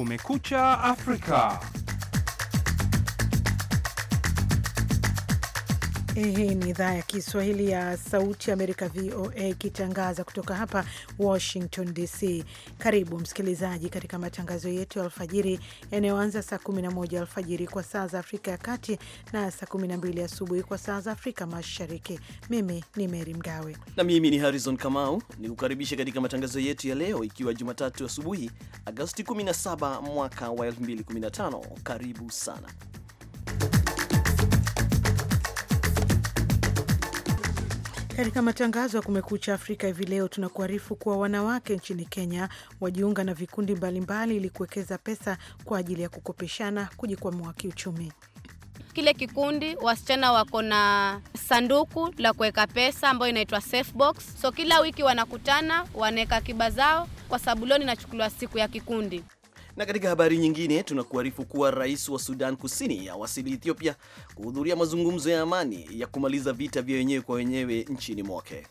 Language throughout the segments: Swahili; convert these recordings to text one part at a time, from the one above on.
Kumekucha Afrika. Hii ni idhaa ya Kiswahili ya Sauti ya Amerika, VOA, ikitangaza kutoka hapa Washington DC. Karibu msikilizaji katika matangazo yetu ya alfajiri yanayoanza saa 11 alfajiri kwa saa za Afrika ya Kati na saa 12 asubuhi kwa saa za Afrika Mashariki. Mimi ni Meri Mgawe na mimi ni Harrison Kamau, ni kukaribisha katika matangazo yetu ya leo, ikiwa Jumatatu asubuhi, Agosti 17 mwaka wa 2015. Karibu sana Katika matangazo ya Kumekucha Afrika hivi leo tunakuarifu kuwa wanawake nchini Kenya wajiunga na vikundi mbalimbali ili kuwekeza pesa kwa ajili ya kukopeshana kujikwamua kiuchumi. Kile kikundi wasichana wako na sanduku la kuweka pesa ambayo inaitwa safe box. So kila wiki wanakutana, wanaweka akiba zao, kwa sababu loan inachukuliwa siku ya kikundi. Na katika habari nyingine tunakuarifu kuwa rais wa Sudan Kusini awasili Ethiopia kuhudhuria mazungumzo ya amani ya kumaliza vita vya wenyewe kwa wenyewe nchini mwake.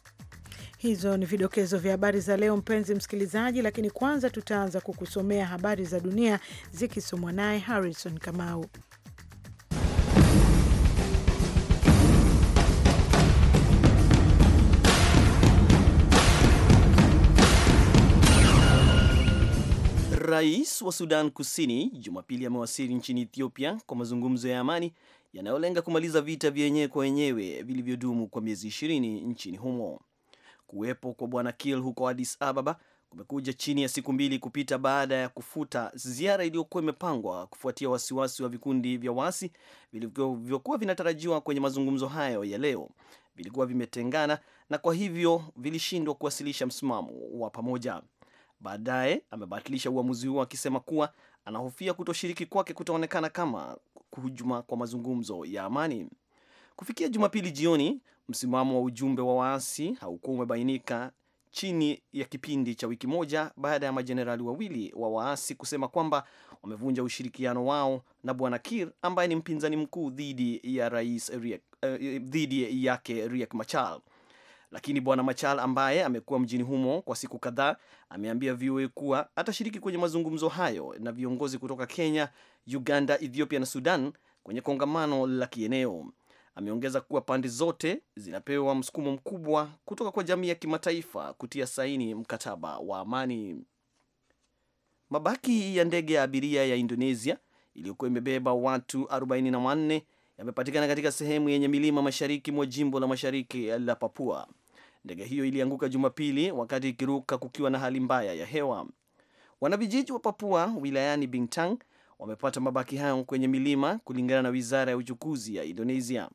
Hizo ni vidokezo vya habari za leo, mpenzi msikilizaji, lakini kwanza tutaanza kukusomea habari za dunia zikisomwa naye Harrison Kamau. Rais wa Sudan Kusini Jumapili amewasili nchini Ethiopia kwa mazungumzo ya amani yanayolenga kumaliza vita vyenyewe kwa wenyewe vilivyodumu kwa miezi ishirini nchini humo. Kuwepo kwa Bwana Kiir huko Addis Ababa kumekuja chini ya siku mbili kupita baada ya kufuta ziara iliyokuwa imepangwa kufuatia wasiwasi wa vikundi vya wasi vilivyokuwa vinatarajiwa kwenye mazungumzo hayo ya leo vilikuwa vimetengana na kwa hivyo vilishindwa kuwasilisha msimamo wa pamoja. Baadaye amebatilisha uamuzi huo akisema kuwa anahofia kutoshiriki kwake kutaonekana kama kuhujuma kwa mazungumzo ya amani. Kufikia Jumapili jioni, msimamo wa ujumbe wa waasi haukuwa umebainika chini ya kipindi cha wiki moja baada ya majenerali wawili wa waasi kusema kwamba wamevunja ushirikiano wao na bwana Kir ambaye ni mpinzani mkuu dhidi ya rais, eh, dhidi yake Riek Machar. Lakini bwana Machal ambaye amekuwa mjini humo kwa siku kadhaa ameambia VOA kuwa atashiriki kwenye mazungumzo hayo na viongozi kutoka Kenya, Uganda, Ethiopia na Sudan kwenye kongamano la kieneo. Ameongeza kuwa pande zote zinapewa msukumo mkubwa kutoka kwa jamii ya kimataifa kutia saini mkataba wa amani. Mabaki ya ndege ya abiria ya Indonesia iliyokuwa imebeba watu 44 yamepatikana katika sehemu yenye milima mashariki mwa jimbo la mashariki la Papua. Ndege hiyo ilianguka Jumapili wakati ikiruka kukiwa na hali mbaya ya hewa. Wanavijiji wa Papua wilayani Bintang wamepata mabaki hayo kwenye milima, kulingana na wizara ya uchukuzi ya Indonesia.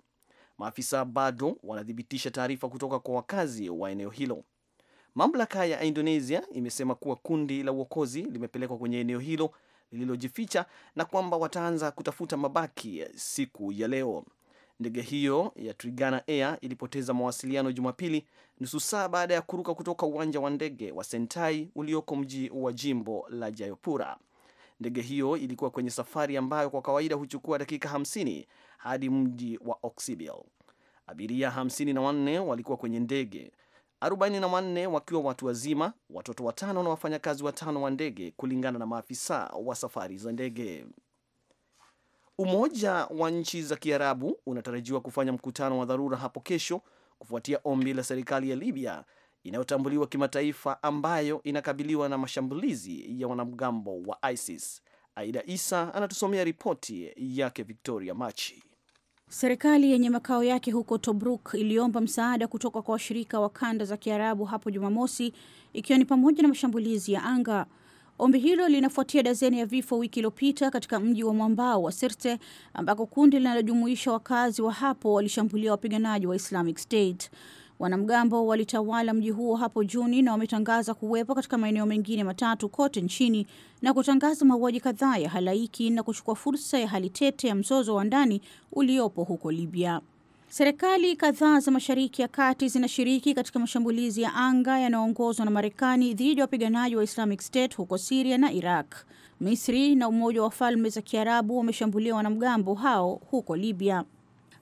Maafisa bado wanathibitisha taarifa kutoka kwa wakazi wa eneo hilo. Mamlaka ya Indonesia imesema kuwa kundi la uokozi limepelekwa kwenye eneo hilo lililojificha na kwamba wataanza kutafuta mabaki siku ya leo. Ndege hiyo ya Trigana Air ilipoteza mawasiliano Jumapili, nusu saa baada ya kuruka kutoka uwanja wa ndege wa Sentai ulioko mji wa jimbo la Jayapura. Ndege hiyo ilikuwa kwenye safari ambayo kwa kawaida huchukua dakika 50 hadi mji wa oxibil Abiria 54 walikuwa kwenye ndege 44 wakiwa watu wazima, watoto watano na wafanyakazi watano wa ndege, kulingana na maafisa wa safari za ndege. Umoja wa nchi za Kiarabu unatarajiwa kufanya mkutano wa dharura hapo kesho kufuatia ombi la serikali ya Libya inayotambuliwa kimataifa ambayo inakabiliwa na mashambulizi ya wanamgambo wa ISIS. Aida Isa anatusomea ripoti yake Victoria Machi. Serikali yenye makao yake huko Tobruk iliomba msaada kutoka kwa washirika wa kanda za Kiarabu hapo Jumamosi, ikiwa ni pamoja na mashambulizi ya anga. Ombi hilo linafuatia dazeni ya vifo wiki iliyopita katika mji wa mwambao wa Sirte ambako kundi linalojumuisha wakazi wa hapo walishambulia wapiganaji wa Islamic State. Wanamgambo walitawala mji huo hapo Juni na wametangaza kuwepo katika maeneo mengine matatu kote nchini na kutangaza mauaji kadhaa ya halaiki na kuchukua fursa ya hali tete ya mzozo wa ndani uliopo huko Libya. Serikali kadhaa za Mashariki ya Kati zinashiriki katika mashambulizi ya anga yanayoongozwa na Marekani dhidi ya wapiganaji wa Islamic State huko Siria na Iraq. Misri na Umoja wa Falme za Kiarabu wameshambulia wanamgambo hao huko Libya.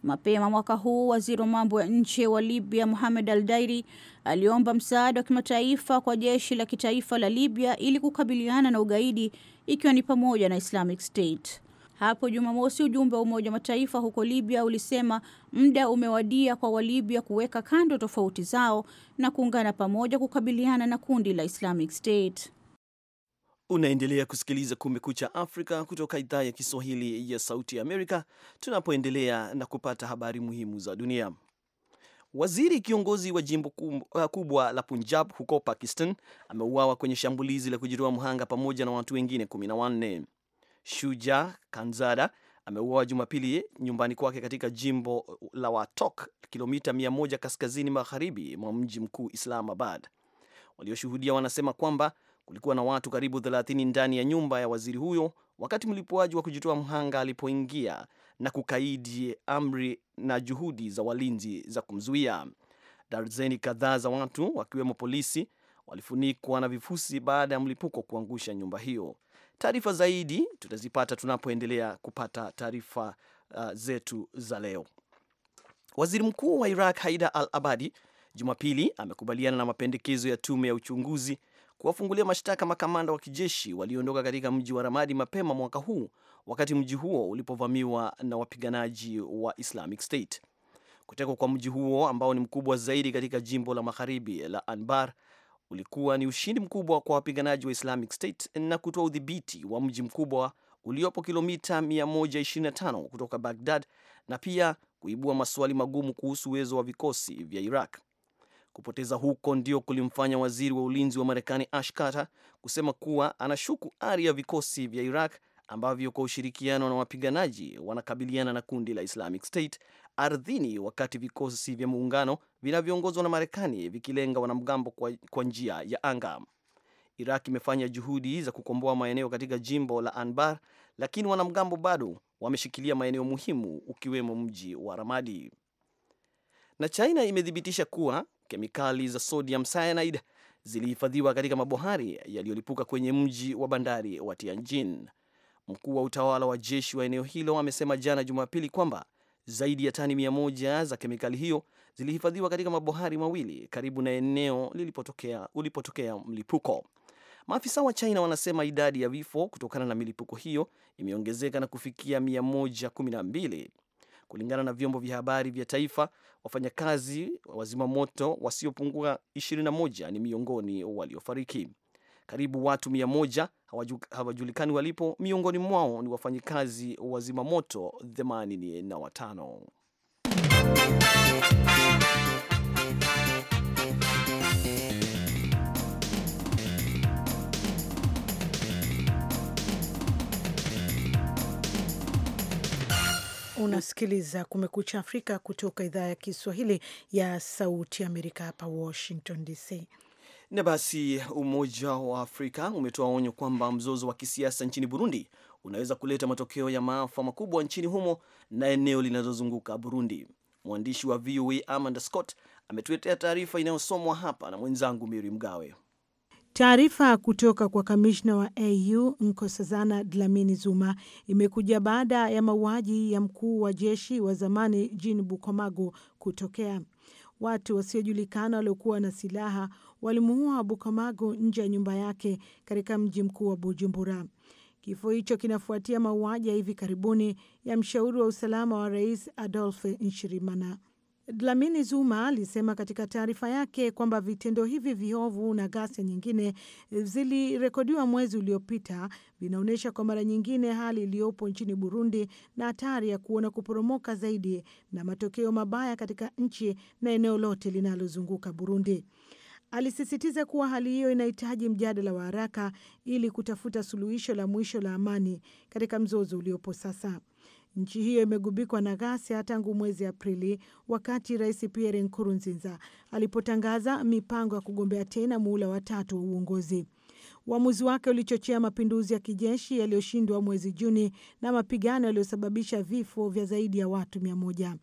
Mapema mwaka huu waziri wa mambo ya nje wa Libya Mohamed Al-Dairi aliomba msaada wa kimataifa kwa jeshi la kitaifa la Libya ili kukabiliana na ugaidi ikiwa ni pamoja na Islamic State. Hapo Jumamosi, ujumbe wa Umoja wa Mataifa huko Libya ulisema muda umewadia kwa Walibya kuweka kando tofauti zao na kuungana pamoja kukabiliana na kundi la Islamic State. Unaendelea kusikiliza Kumekucha Afrika kutoka idhaa ya Kiswahili ya Sauti ya Amerika, tunapoendelea na kupata habari muhimu za dunia. Waziri kiongozi wa jimbo eh, kubwa la Punjab huko Pakistan ameuawa kwenye shambulizi la kujitoa mhanga pamoja na watu wengine 14. Shuja Kanzada ameuawa Jumapili nyumbani kwake katika jimbo la Watok, kilomita 100 kaskazini magharibi mwa mji mkuu Islamabad. Walioshuhudia wanasema kwamba Kulikuwa na watu karibu 30 ndani ya nyumba ya waziri huyo wakati mlipuaji wa kujitoa mhanga alipoingia na kukaidi amri na juhudi za walinzi za kumzuia. Darzeni kadhaa za watu wakiwemo polisi walifunikwa na vifusi baada ya mlipuko kuangusha nyumba hiyo. Taarifa zaidi tutazipata tunapoendelea kupata taarifa uh, zetu za leo. Waziri mkuu wa Iraq Haidar al Abadi Jumapili amekubaliana na mapendekezo ya tume ya uchunguzi kuwafungulia mashtaka makamanda wa kijeshi walioondoka katika mji wa Ramadi mapema mwaka huu wakati mji huo ulipovamiwa na wapiganaji wa Islamic State. Kutekwa kwa mji huo ambao ni mkubwa zaidi katika jimbo la magharibi la Anbar ulikuwa ni ushindi mkubwa kwa wapiganaji wa Islamic State na kutoa udhibiti wa mji mkubwa uliopo kilomita 125 kutoka Bagdad na pia kuibua maswali magumu kuhusu uwezo wa vikosi vya Iraq. Kupoteza huko ndio kulimfanya waziri wa ulinzi wa Marekani Ash Carter kusema kuwa anashuku ari ya vikosi vya Iraq ambavyo kwa ushirikiano na wapiganaji wanakabiliana na kundi la Islamic State ardhini, wakati vikosi vya muungano vinavyoongozwa na Marekani vikilenga wanamgambo kwa, kwa njia ya anga. Iraq imefanya juhudi za kukomboa maeneo katika jimbo la Anbar, lakini wanamgambo bado wameshikilia maeneo muhimu ukiwemo mji wa Ramadi. Na China imethibitisha kuwa kemikali za sodium cyanide zilihifadhiwa katika mabohari yaliyolipuka kwenye mji wa bandari wa Tianjin. Mkuu wa utawala wa jeshi wa eneo hilo amesema jana Jumapili kwamba zaidi ya tani mia moja za kemikali hiyo zilihifadhiwa katika mabohari mawili karibu na eneo lilipotokea ulipotokea mlipuko. Maafisa wa China wanasema idadi ya vifo kutokana na milipuko hiyo imeongezeka na kufikia 112. Kulingana na vyombo vya habari vya taifa, wafanyakazi wazima moto wasiopungua 21 ni miongoni waliofariki. Karibu watu 100 hawajulikani walipo, miongoni mwao ni wafanyakazi wazima moto 85. Unasikiliza Kumekucha Afrika kutoka idhaa ya Kiswahili ya Sauti Amerika, hapa Washington DC. Na basi, Umoja wa Afrika umetoa onyo kwamba mzozo wa kisiasa nchini Burundi unaweza kuleta matokeo ya maafa makubwa nchini humo na eneo linalozunguka Burundi. Mwandishi wa VOA Amanda Scott ametuletea taarifa inayosomwa hapa na mwenzangu Miri Mgawe. Taarifa kutoka kwa kamishna wa AU Nkosazana Dlamini Zuma imekuja baada ya mauaji ya mkuu wa jeshi wa zamani Jean Bukomagu kutokea. Watu wasiojulikana waliokuwa na silaha walimuua Bukomagu nje ya nyumba yake katika mji mkuu wa Bujumbura. Kifo hicho kinafuatia mauaji ya hivi karibuni ya mshauri wa usalama wa rais adolfe nshirimana Dlamini Zuma alisema katika taarifa yake kwamba vitendo hivi viovu na ghasia nyingine zilirekodiwa mwezi uliopita vinaonyesha kwa mara nyingine hali iliyopo nchini Burundi na hatari ya kuona kuporomoka zaidi na matokeo mabaya katika nchi na eneo lote linalozunguka Burundi. Alisisitiza kuwa hali hiyo inahitaji mjadala wa haraka ili kutafuta suluhisho la mwisho la amani katika mzozo uliopo sasa. Nchi hiyo imegubikwa na ghasia tangu mwezi Aprili, wakati Rais Pierre Nkurunziza alipotangaza mipango ya kugombea tena muhula watatu wa uongozi. Uamuzi wake ulichochea mapinduzi ya kijeshi yaliyoshindwa mwezi Juni na mapigano yaliyosababisha vifo vya zaidi ya watu mia moja.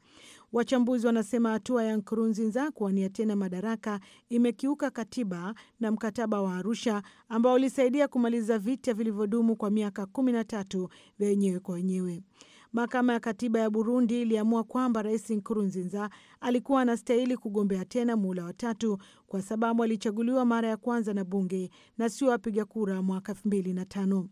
Wachambuzi wanasema hatua ya Nkurunziza kuwania tena madaraka imekiuka katiba na mkataba wa Arusha ambao ulisaidia kumaliza vita vilivyodumu kwa miaka kumi na tatu vya wenyewe kwa wenyewe. Mahakama ya Katiba ya Burundi iliamua kwamba Rais Nkurunziza alikuwa anastahili kugombea tena muhula watatu kwa sababu alichaguliwa mara ya kwanza na bunge na sio wapiga kura mwaka elfu mbili na tano.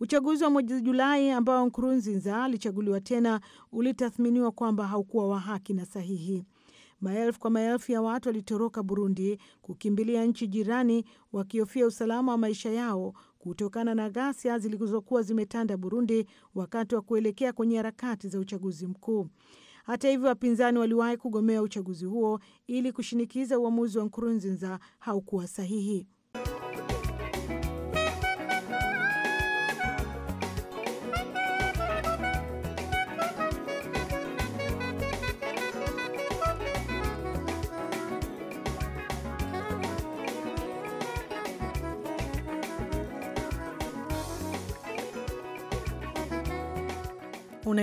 Uchaguzi wa mwezi Julai ambao Nkurunziza alichaguliwa tena ulitathminiwa kwamba haukuwa wa haki na sahihi. Maelfu kwa maelfu ya watu walitoroka Burundi kukimbilia nchi jirani wakihofia usalama wa maisha yao kutokana na ghasia zilizokuwa zimetanda Burundi wakati wa kuelekea kwenye harakati za uchaguzi mkuu. Hata hivyo, wapinzani waliwahi kugomea uchaguzi huo ili kushinikiza uamuzi wa Nkurunziza haukuwa sahihi.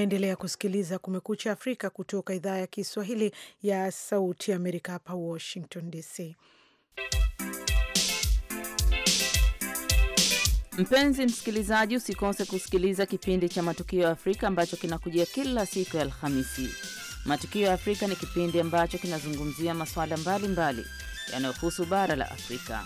Unaendelea kusikiliza Kumekucha Afrika kutoka idhaa ya Kiswahili ya Sauti ya Amerika, hapa Washington DC. Mpenzi msikilizaji, usikose kusikiliza kipindi cha Matukio ya Afrika ambacho kinakujia kila siku ya Alhamisi. Matukio ya Afrika ni kipindi ambacho kinazungumzia masuala mbalimbali yanayohusu bara la Afrika.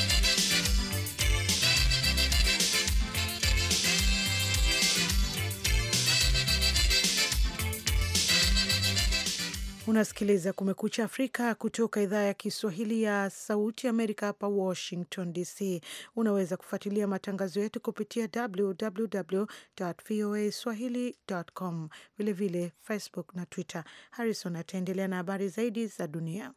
Unasikiliza Kumekucha Afrika kutoka idhaa ya Kiswahili ya Sauti Amerika, hapa Washington DC. Unaweza kufuatilia matangazo yetu kupitia www voa swahilicom, vilevile Facebook na Twitter. Harrison ataendelea na habari zaidi za dunia.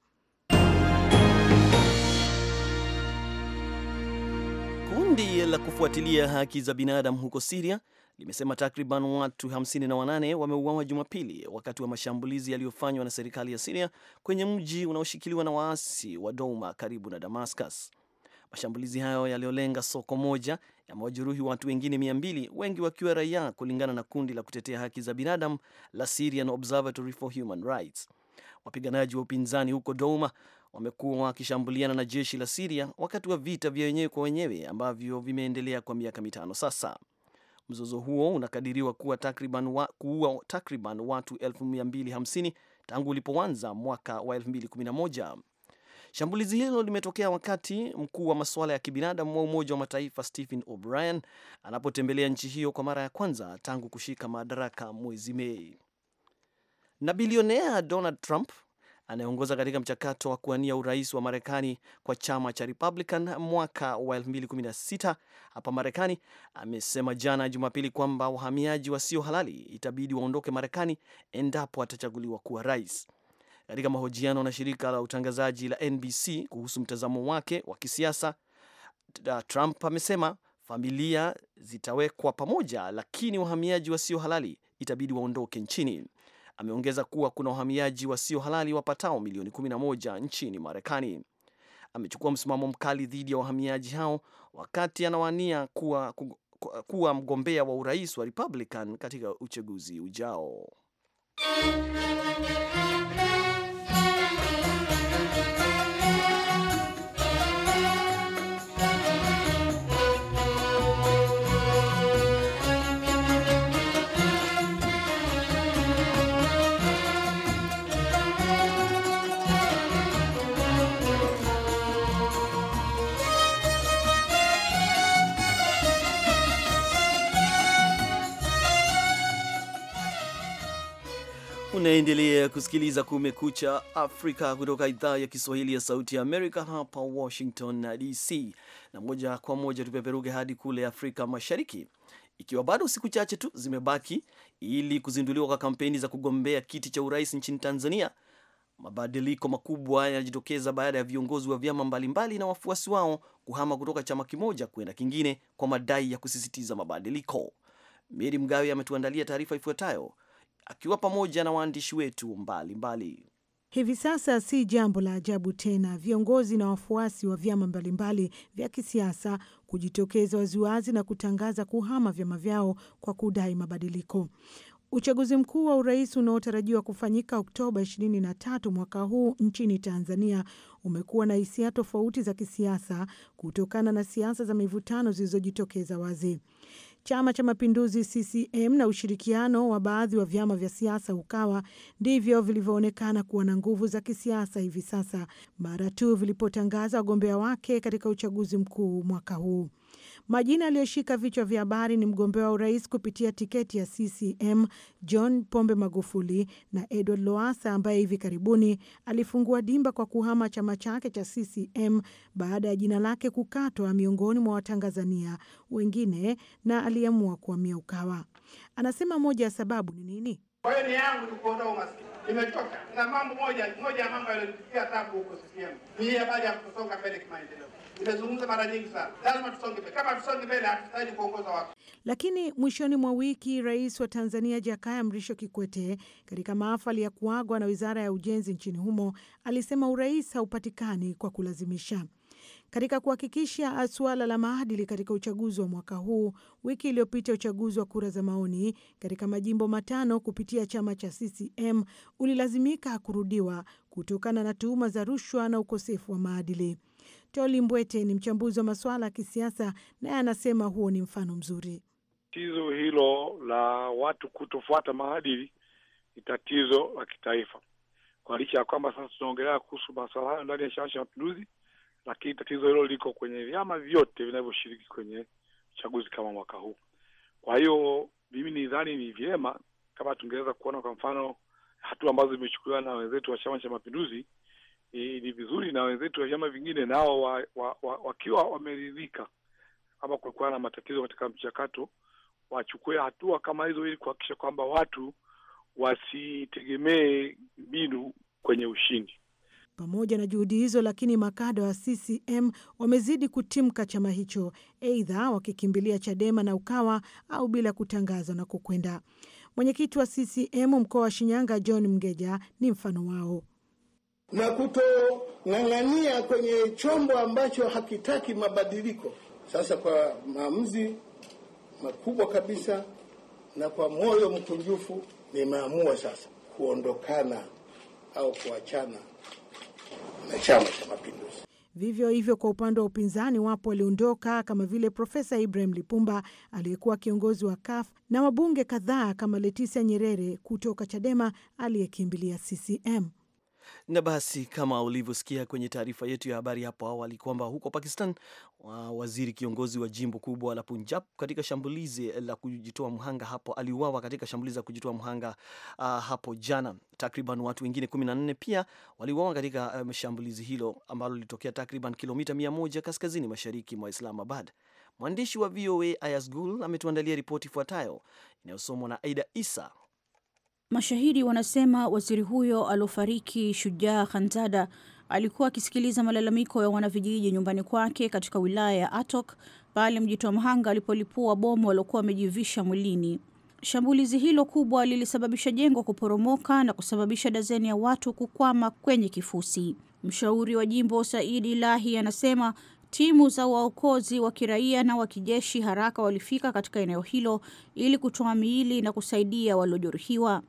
Kundi la kufuatilia haki za binadamu huko Siria limesema takriban watu 58 wameuawa Jumapili wakati wa mashambulizi yaliyofanywa na serikali ya Siria kwenye mji unaoshikiliwa na waasi wa Douma karibu na Damascus. Mashambulizi hayo yaliyolenga soko moja yamewajeruhi watu wengine 200, wengi wakiwa raia, kulingana na kundi la kutetea haki za binadamu la Syrian Observatory for Human Rights. Wapiganaji wa upinzani huko Douma wamekuwa wakishambuliana na jeshi la Siria wakati wa vita vya wenyewe kwa wenyewe ambavyo vimeendelea kwa miaka mitano sasa. Mzozo huo unakadiriwa kuwa takriban wa, kuua takriban watu 250 tangu ulipoanza mwaka wa 2011. Shambulizi hilo limetokea wakati mkuu wa masuala ya kibinadamu wa Umoja wa Mataifa Stephen O'Brien anapotembelea nchi hiyo kwa mara ya kwanza tangu kushika madaraka mwezi Mei. Na bilionea Donald Trump anayeongoza katika mchakato wa kuwania urais wa Marekani kwa chama cha Republican mwaka wa 2016 hapa Marekani, amesema jana Jumapili kwamba wahamiaji wasio halali itabidi waondoke Marekani endapo atachaguliwa kuwa rais. Katika mahojiano na shirika la utangazaji la NBC kuhusu mtazamo wake wa kisiasa, Trump amesema familia zitawekwa pamoja, lakini wahamiaji wasio halali itabidi waondoke nchini. Ameongeza kuwa kuna wahamiaji wasio halali wapatao milioni 11 nchini Marekani. Amechukua msimamo mkali dhidi ya wahamiaji hao wakati anawania kuwa, kuwa mgombea wa urais wa Republican katika uchaguzi ujao. Unaendelea kusikiliza Kumekucha Afrika kutoka idhaa ya Kiswahili ya Sauti ya Amerika hapa Washington DC, na moja kwa moja tupeperuke hadi kule Afrika Mashariki, ikiwa bado siku chache tu zimebaki ili kuzinduliwa kwa kampeni za kugombea kiti cha urais nchini Tanzania. Mabadiliko makubwa yanajitokeza baada ya viongozi wa vyama mbalimbali na wafuasi wao kuhama kutoka chama kimoja kwenda kingine kwa madai ya kusisitiza mabadiliko. Meri Mgawe ametuandalia taarifa ifuatayo akiwa pamoja na waandishi wetu mbalimbali. Hivi sasa si jambo la ajabu tena viongozi na wafuasi wa vyama mbalimbali vya kisiasa kujitokeza waziwazi na kutangaza kuhama vyama vyao kwa kudai mabadiliko. Uchaguzi mkuu wa urais unaotarajiwa kufanyika Oktoba 23 mwaka huu nchini Tanzania umekuwa na hisia tofauti za kisiasa kutokana na siasa za mivutano zilizojitokeza wazi. Chama cha Mapinduzi CCM na ushirikiano wa baadhi wa vyama vya siasa Ukawa ndivyo vilivyoonekana kuwa na nguvu za kisiasa hivi sasa mara tu vilipotangaza wagombea wake katika uchaguzi mkuu mwaka huu. Majina aliyoshika vichwa vya habari ni mgombea wa urais kupitia tiketi ya CCM John Pombe Magufuli na Edward Loasa ambaye hivi karibuni alifungua dimba kwa kuhama chama chake cha CCM baada ya jina lake kukatwa miongoni mwa watangazania wengine na aliamua kuhamia Ukawa. Anasema moja ya sababu ni nini? Kwa hiyo ni yangu ni kuondoa umaskini, nimechoka na mambo moja moja ya mambo yaliyotukia tabu huko CCM ni habari ya kusonga mbele kimaendeleo mara nyingi sana, lazima tusonge mbele. Kama tusonge mbele, kuongoza watu. Lakini mwishoni mwa wiki, rais wa Tanzania Jakaya Mrisho Kikwete, katika maafali ya kuagwa na wizara ya ujenzi nchini humo, alisema urais haupatikani kwa kulazimisha. Katika kuhakikisha suala la maadili katika uchaguzi wa mwaka huu, wiki iliyopita uchaguzi wa kura za maoni katika majimbo matano kupitia chama cha CCM ulilazimika kurudiwa kutokana na tuhuma za rushwa na ukosefu wa maadili. Toli Mbwete ni mchambuzi wa masuala ya kisiasa, naye anasema huo ni mfano mzuri. Tatizo hilo la watu kutofuata maadili ni tatizo la kitaifa, kwa licha ya kwamba sasa tunaongelea kuhusu masuala hayo ndani ya Chama cha Mapinduzi, lakini tatizo hilo liko kwenye vyama vyote vinavyoshiriki kwenye uchaguzi kama mwaka huu. Kwa hiyo mimi nidhani ni vyema kama tungeweza kuona kwa mfano hatua ambazo zimechukuliwa na wenzetu wa Chama cha Mapinduzi E, ni vizuri na wenzetu wa vyama vingine nao wa, wa, wa, wakiwa wameridhika ama kulikuwa na matatizo katika mchakato wachukue hatua kama hizo ili kuhakikisha kwamba watu wasitegemee mbinu kwenye ushindi. Pamoja na juhudi hizo, lakini makada wa CCM wamezidi kutimka chama hicho, aidha wakikimbilia Chadema na Ukawa au bila kutangaza na kukwenda. Mwenyekiti wa CCM mkoa wa Shinyanga John Mgeja ni mfano wao na kutong'ang'ania kwenye chombo ambacho hakitaki mabadiliko. Sasa kwa maamuzi makubwa kabisa na kwa moyo mkunjufu, nimeamua sasa kuondokana au kuachana na Chama cha Mapinduzi. Vivyo hivyo kwa upande wa upinzani, wapo waliondoka kama vile Profesa Ibrahim Lipumba aliyekuwa kiongozi wa KAF na wabunge kadhaa kama Letisia Nyerere kutoka Chadema aliyekimbilia CCM. Na basi kama ulivyosikia kwenye taarifa yetu ya habari hapo awali kwamba huko Pakistan waziri kiongozi wa jimbo kubwa la Punjab katika shambulizi la kujitoa mhanga hapo aliuawa katika shambulizi la kujitoa mhanga uh, hapo jana. Takriban watu wengine 14 pia waliuawa katika um, shambulizi hilo ambalo lilitokea takriban kilomita 100 kaskazini mashariki mwa Islamabad. Mwandishi wa VOA Gul ametuandalia ripoti ifuatayo inayosomwa na Aida Isa Mashahidi wanasema waziri huyo aliofariki Shujaa Khanzada alikuwa akisikiliza malalamiko ya wanavijiji nyumbani kwake katika wilaya ya Atok pale mjitoa mhanga alipolipua bomu waliokuwa wamejivisha mwilini. Shambulizi hilo kubwa lilisababisha jengo kuporomoka na kusababisha dazeni ya watu kukwama kwenye kifusi. Mshauri wa jimbo Saidi Ilahi anasema timu za waokozi wa kiraia na wa kijeshi haraka walifika katika eneo hilo ili kutoa miili na kusaidia waliojeruhiwa.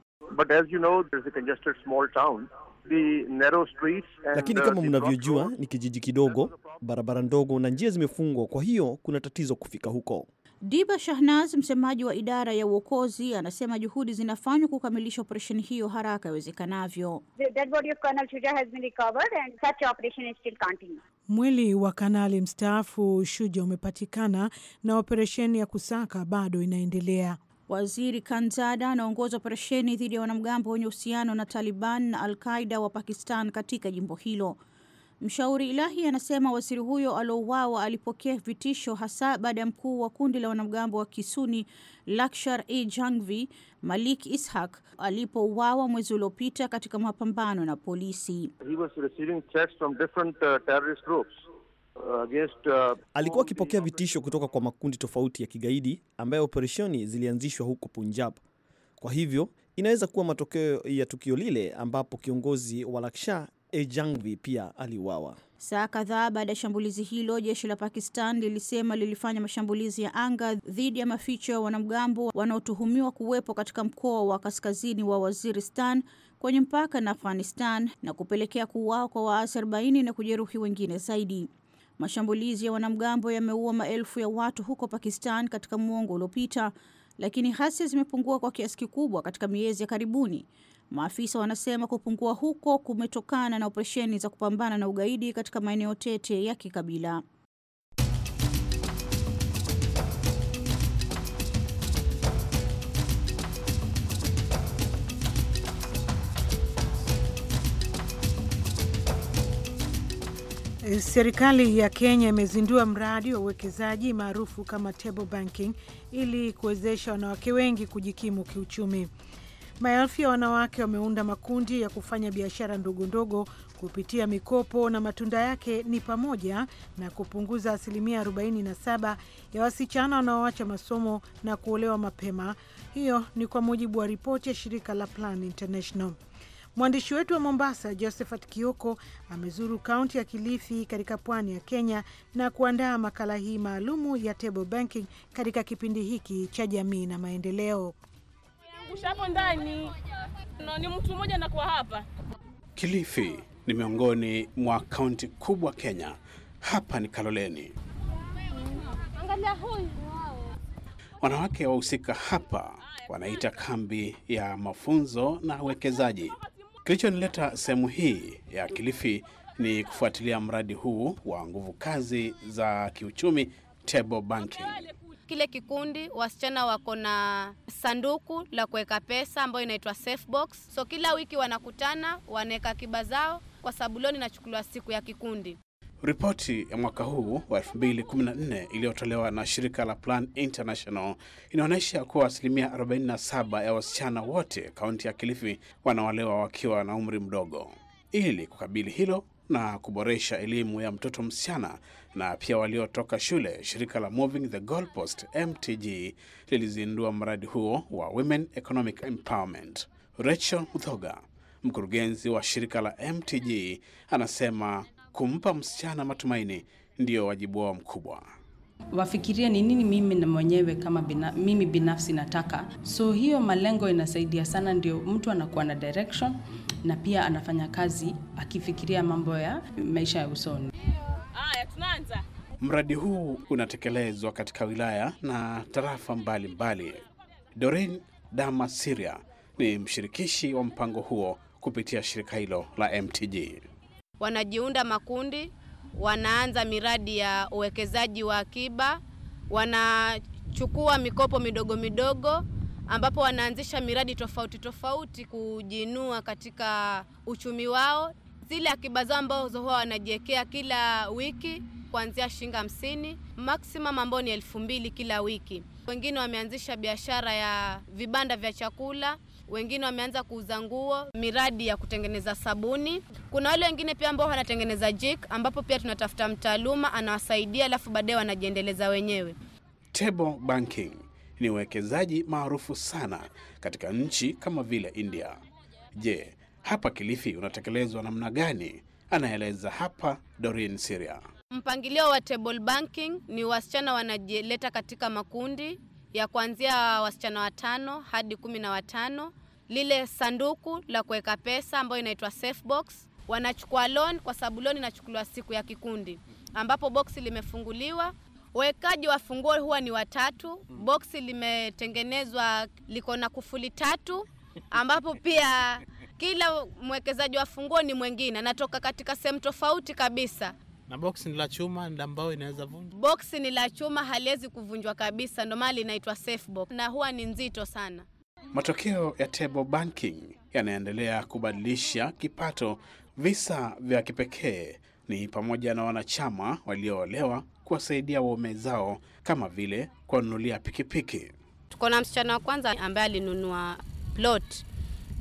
Lakini kama mnavyojua ni kijiji kidogo, barabara ndogo na njia zimefungwa, kwa hiyo kuna tatizo kufika huko. Diba Shahnaz, msemaji wa idara ya uokozi, anasema juhudi zinafanywa kukamilisha operesheni hiyo haraka iwezekanavyo. Mwili wa kanali mstaafu Shuja umepatikana na operesheni ya kusaka bado inaendelea. Waziri Kanzada anaongoza operesheni dhidi ya wanamgambo wenye uhusiano na Taliban na Al-Qaida wa Pakistan katika jimbo hilo. Mshauri Ilahi anasema waziri huyo aliouawa alipokea vitisho hasa baada ya mkuu wa kundi la wanamgambo wa Kisuni Lakshar-e jangvi Malik Ishaq alipouawa mwezi uliopita katika mapambano na polisi. He was receiving texts from different uh, terrorist groups. Uh, against, uh, alikuwa akipokea vitisho kutoka kwa makundi tofauti ya kigaidi ambayo operesheni zilianzishwa huko Punjab. Kwa hivyo inaweza kuwa matokeo ya tukio lile ambapo kiongozi wa Laksha Ejangvi pia aliuawa. Saa kadhaa baada ya shambulizi hilo, jeshi la Pakistan lilisema lilifanya mashambulizi ya anga dhidi ya maficho ya wanamgambo wanaotuhumiwa kuwepo katika mkoa wa kaskazini wa Waziristan kwenye mpaka na Afghanistan na kupelekea kuuawa kwa waasi 40 na kujeruhi wengine zaidi. Mashambulizi ya wanamgambo yameua maelfu ya watu huko Pakistan katika muongo uliopita, lakini ghasia zimepungua kwa kiasi kikubwa katika miezi ya karibuni. Maafisa wanasema kupungua huko kumetokana na operesheni za kupambana na ugaidi katika maeneo tete ya kikabila. Serikali ya Kenya imezindua mradi wa uwekezaji maarufu kama table banking ili kuwezesha wanawake wengi kujikimu kiuchumi. Maelfu ya wanawake wameunda makundi ya kufanya biashara ndogo ndogo kupitia mikopo na matunda yake ni pamoja na kupunguza asilimia 47 ya wasichana wanaoacha masomo na kuolewa mapema. Hiyo ni kwa mujibu wa ripoti ya shirika la Plan International. Mwandishi wetu wa Mombasa, Josephat Kioko, amezuru kaunti ya Kilifi katika pwani ya Kenya na kuandaa makala hii maalumu ya table banking katika kipindi hiki cha jamii na maendeleo. Hapo ndani ni mtu mmoja anakuwa hapa. Kilifi ni miongoni mwa kaunti kubwa Kenya. Hapa ni Kaloleni. Angalia huyu. Wanawake wahusika hapa wanaita kambi ya mafunzo na uwekezaji. Kilichonileta sehemu hii ya Kilifi ni kufuatilia mradi huu wa nguvu kazi za kiuchumi table banking. Kile kikundi wasichana wako na sanduku la kuweka pesa ambayo inaitwa safe box. So kila wiki wanakutana, wanaweka akiba zao, kwa sabuloni loan inachukuliwa siku ya kikundi. Ripoti ya mwaka huu wa 2014 iliyotolewa na shirika la Plan International inaonyesha kuwa asilimia 47 ya wasichana wote kaunti ya Kilifi wanaolewa wakiwa na umri mdogo. Ili kukabili hilo na kuboresha elimu ya mtoto msichana na pia waliotoka shule, shirika la Moving the Goalpost MTG lilizindua mradi huo wa Women Economic Empowerment. Rachel Muthoga, mkurugenzi wa shirika la MTG, anasema kumpa msichana matumaini ndiyo wajibu wao mkubwa. Wafikirie ni nini mimi na mwenyewe kama bina, mimi binafsi nataka. So hiyo malengo inasaidia sana, ndio mtu anakuwa na direction na pia anafanya kazi akifikiria mambo ya maisha ya usoni. Mradi huu unatekelezwa katika wilaya na tarafa mbalimbali. Doreen Dama Siria ni mshirikishi wa mpango huo kupitia shirika hilo la MTG wanajiunda makundi, wanaanza miradi ya uwekezaji wa akiba, wanachukua mikopo midogo midogo ambapo wanaanzisha miradi tofauti tofauti kujiinua katika uchumi wao. Zile akiba zao ambazo huwa wanajiwekea kila wiki kuanzia shilingi hamsini maximum ambao ni elfu mbili kila wiki. Wengine wameanzisha biashara ya vibanda vya chakula wengine wameanza kuuza nguo, miradi ya kutengeneza sabuni. Kuna wale wengine pia ambao wanatengeneza jik, ambapo pia tunatafuta mtaaluma anawasaidia, alafu baadaye wanajiendeleza wenyewe. Table banking ni uwekezaji maarufu sana katika nchi kama vile India. Je, hapa Kilifi unatekelezwa namna gani? Anaeleza hapa Dorin Siria. Mpangilio wa table banking ni wasichana wanajileta katika makundi ya kuanzia wasichana watano hadi kumi na watano. Lile sanduku la kuweka pesa ambayo inaitwa safe box, wanachukua loan kwa sababu loan inachukuliwa siku ya kikundi, ambapo boksi limefunguliwa. wawekaji wa funguo huwa ni watatu. Boksi limetengenezwa liko na kufuli tatu, ambapo pia kila mwekezaji wa funguo ni mwengine anatoka katika sehemu tofauti kabisa. Na box ni la chuma, ni la mbao, inaweza vunjwa? Box ni la chuma, haliwezi kuvunjwa kabisa, ndio maana linaitwa safe box, na huwa ni nzito sana. Matokeo ya table banking yanaendelea kubadilisha kipato. Visa vya kipekee ni pamoja na wanachama walioolewa kuwasaidia waume zao, kama vile kuwanunulia pikipiki. Tuko na msichana wa kwanza ambaye alinunua plot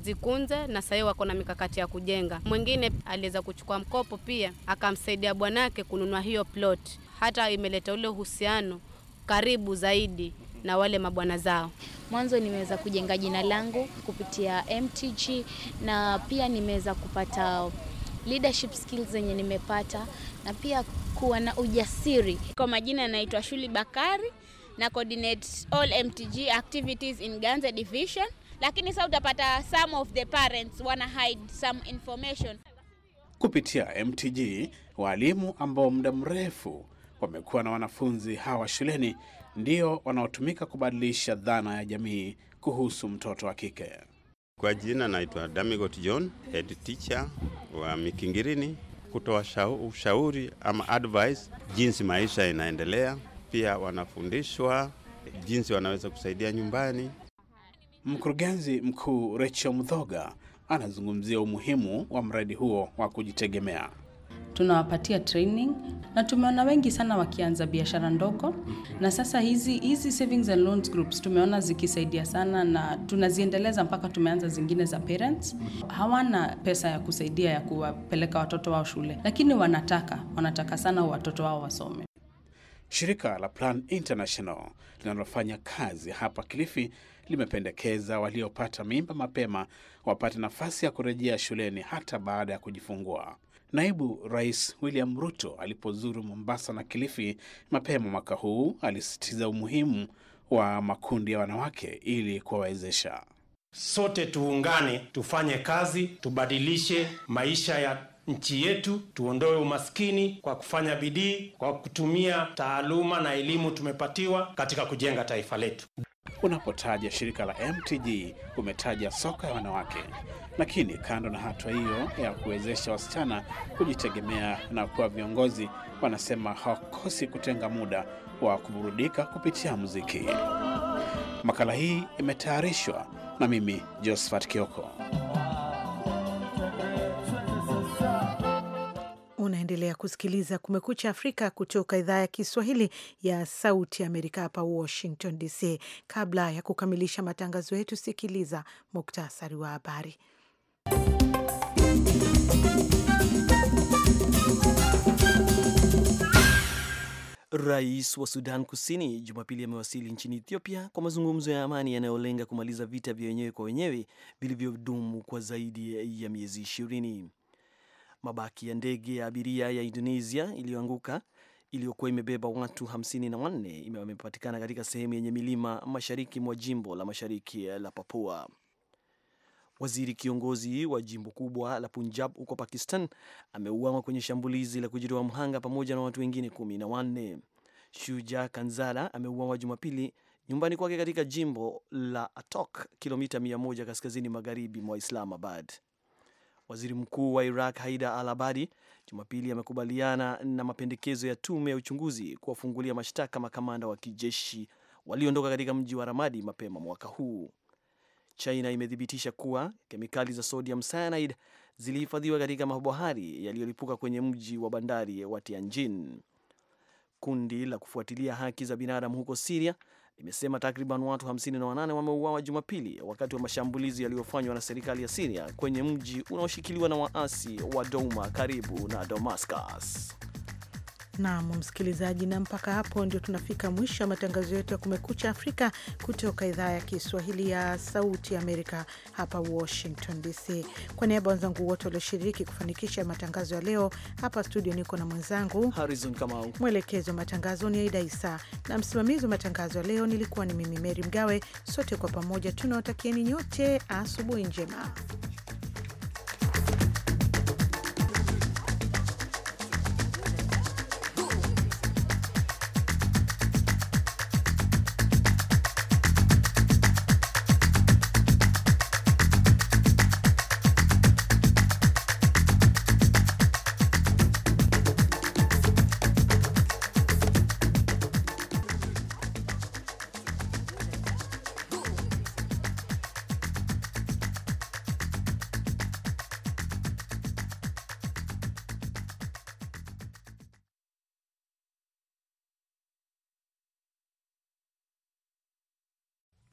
zikunze, na sahii wako na mikakati ya kujenga. Mwingine aliweza kuchukua mkopo pia akamsaidia bwanake kununua hiyo plot, hata imeleta ule uhusiano karibu zaidi na wale mabwana zao. Mwanzo nimeweza kujenga jina langu kupitia MTG na pia nimeweza kupata leadership skills zenye nimepata na pia kuwa na ujasiri. Kwa majina anaitwa Shuli Bakari na coordinate all MTG activities in Ganze division lakini sasa utapata some of the parents wana hide some information. Kupitia MTG, walimu ambao muda mrefu wamekuwa na wanafunzi hawa shuleni ndio wanaotumika kubadilisha dhana ya jamii kuhusu mtoto wa kike. Kwa jina naitwa Damigot John, head teacher wa Mikingirini, kutoa ushauri ama advice jinsi maisha inaendelea. Pia wanafundishwa jinsi wanaweza kusaidia nyumbani. Mkurugenzi mkuu Rachel Mdhoga anazungumzia umuhimu wa mradi huo wa kujitegemea. Tunawapatia training na tumeona wengi sana wakianza biashara ndogo, na sasa hizi hizi savings and loans groups tumeona zikisaidia sana, na tunaziendeleza mpaka tumeanza zingine za parents. Hawana pesa ya kusaidia ya kuwapeleka watoto wao shule, lakini wanataka wanataka sana watoto wao wasome. Shirika la Plan International linalofanya kazi hapa Kilifi limependekeza waliopata mimba mapema wapate nafasi ya kurejea shuleni hata baada ya kujifungua. Naibu Rais William Ruto alipozuru Mombasa na Kilifi mapema mwaka huu alisisitiza umuhimu wa makundi ya wanawake ili kuwawezesha. Sote tuungane, tufanye kazi, tubadilishe maisha ya nchi yetu, tuondoe umaskini kwa kufanya bidii, kwa kutumia taaluma na elimu tumepatiwa katika kujenga taifa letu. Unapotaja shirika la MTG umetaja soka ya wanawake, lakini kando na hatua hiyo ya kuwezesha wasichana kujitegemea na kuwa viongozi, wanasema hawakosi kutenga muda wa kuburudika kupitia muziki. Makala hii imetayarishwa na mimi Josephat Kioko. Unaendelea kusikiliza Kumekucha Afrika kutoka idhaa ya Kiswahili ya Sauti Amerika, hapa Washington DC. Kabla ya kukamilisha matangazo yetu, sikiliza muktasari wa habari. Rais wa Sudan Kusini Jumapili amewasili nchini Ethiopia kwa mazungumzo ya amani yanayolenga kumaliza vita vya wenyewe kwa wenyewe vilivyodumu kwa zaidi ya miezi ishirini mabaki ya ndege ya abiria ya Indonesia iliyoanguka iliyokuwa imebeba watu 54 wamepatikana katika sehemu yenye milima mashariki mwa jimbo la mashariki la Papua. Waziri kiongozi wa jimbo kubwa la Punjab huko Pakistan ameuawa kwenye shambulizi la kujitoa mhanga pamoja na watu wengine kumi na wanne. Shuja Kanzala ameuawa Jumapili nyumbani kwake katika jimbo la Atok, kilomita 100 kaskazini magharibi mwa Islamabad. Waziri Mkuu wa Iraq Haida Al Abadi Jumapili amekubaliana na mapendekezo ya tume ya uchunguzi kuwafungulia mashtaka makamanda wa kijeshi waliondoka katika mji wa Ramadi mapema mwaka huu. China imethibitisha kuwa kemikali za sodium cyanide zilihifadhiwa katika mabohari yaliyolipuka kwenye mji wa bandari wa Tianjin. Kundi la kufuatilia haki za binadamu huko Siria limesema takriban watu 58 wameuawa Jumapili wakati wa mashambulizi yaliyofanywa na serikali ya Siria kwenye mji unaoshikiliwa na waasi wa Douma karibu na Damascus. Naam msikilizaji, na mpaka hapo ndio tunafika mwisho wa matangazo yetu ya Kumekucha Afrika kutoka idhaa ya Kiswahili ya Sauti ya Amerika hapa Washington DC. Kwa niaba wenzangu wote walioshiriki kufanikisha matangazo ya leo hapa studio, niko na mwenzangu Harrison Kamau, mwelekezi wa matangazo ni Aida Isa na msimamizi wa matangazo ya leo nilikuwa ni mimi Meri Mgawe. Sote kwa pamoja tunawatakieni nyote asubuhi njema.